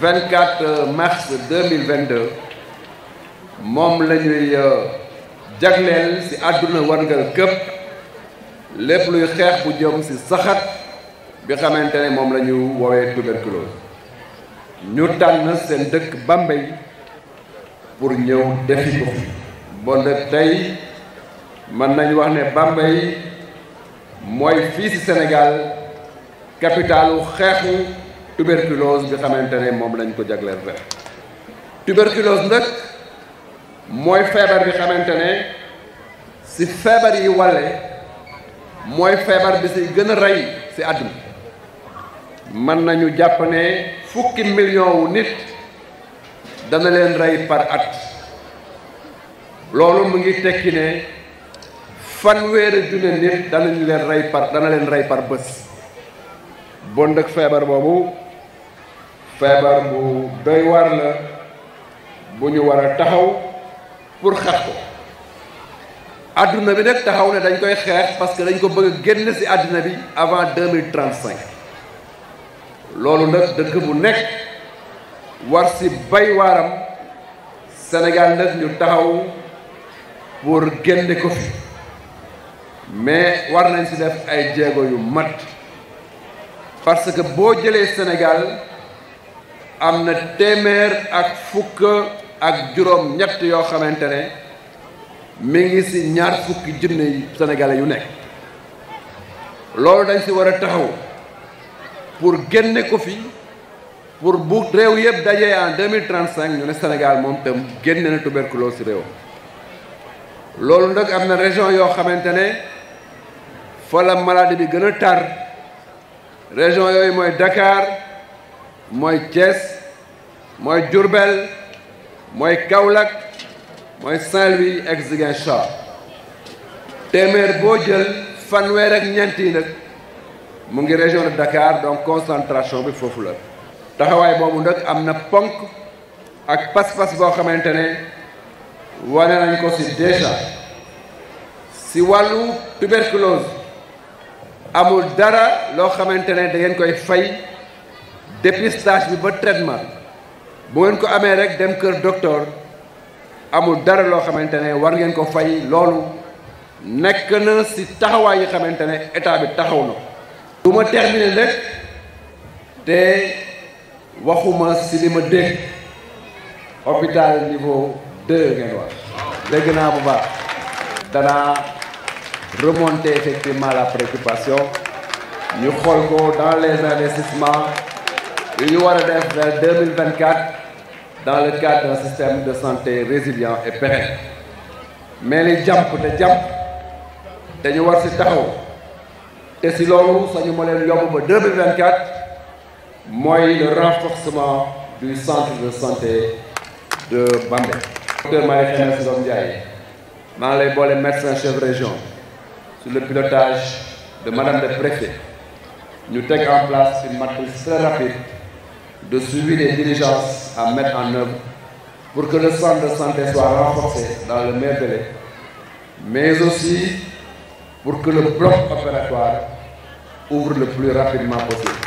24 mars 2022 moom la ñuy euh, jagleel ci àdduna warngal këpp lépp luy xeex bu jëm ci saxat bi xamante ne moom lañu ñu woowee tuberculose ñu tànn seen dëkk Bambey pour ñëw defi ko bon tey mën nañu wax ne Bambey mooy fii ci senegal capitalu xeexu tuberculose bi xamante ne moom lañ ko jagleel rek tuberculose nag mooy feebar bi xamante ne si feebar yi wàlle mooy feebar bi si gën a rey si àdduna mën nañu jàpp ne fukki million wu nit dana leen rey par at loolu mu ngi tekki ne fanweeri junne nit danañu leen rey par dana leen rey par bés bon nag feebar boobu feebar bu doy war la bu ñu war a taxaw pour xeex ko àdduna bi nag taxaw ne dañ koy xeex parce que dañ ko bëgg génn ci àdduna bi avant deux trente cinq loolu nag dëkk bu nekk war ci bay waaram Sénégal nag ñu taxaw pour génne ko fi mais war nañ ci def ay jéego yu mat parce que boo jëlee Sénégal. am na téeméer ak fukk ak juróom ñett yoo xamante ne mi ngi ci ñaar fukki junni sénégalais yu nekk loolu dañ ci war a taxaw pour génne ko fi pour bu réew yëpp dajee en deux mille trente cinq ñu ne Sénégal moom tam génne na tuberculose ci réew loolu nag am na région yoo xamante ne fa la maladie bi gën a tar région yooyu mooy dakaar mooy Thiès mooy Diourbel mooy Kaolack mooy Saint-Louis ak Ziguinchor téeméer boo jël fanweer ak ñeent nag mu ngi région de Dakar donc concentration bi foofu la taxawaay boobu nag am na ponk ak pas-pas boo xamante ne wane nañ ko ci déjà ci wàllu tuberculose amul dara loo xamante ne da ngeen koy fay dépistage bi ba traitement bu ngeen ko amee rek dem kër docteur amul dara loo xamante ne war ngeen ko fay loolu nekk na ci taxawaay yi xamante ne état bi taxaw na du ma terminer rek te waxuma ci li ma dégg hôpital niveau deux ngeen wax dégg naa bu baax danaa remonter effectivement la préoccupation ñu xool ko dans les investissements yu ñu war a def vers dans le cadre d'un système de santé résilient et pérenne mais li jàmp te jàmp dañu war si taxaw te si loolu sañu ma leen yomb ba deux mille vingt quatre mooy le renforcement du centre de santé de Bambey. docteur maa ngi si doom Ndiaye maa lay boole médecin chef région sur le pilotage de madame le préfet ñu teg en place une matrice très rapide de suivi des diligences à mettre en œuvre pour que le centre de santé soit renforcé dans le meilleur délai, mais aussi pour que le bloc opératoire ouvre le plus rapidement possible.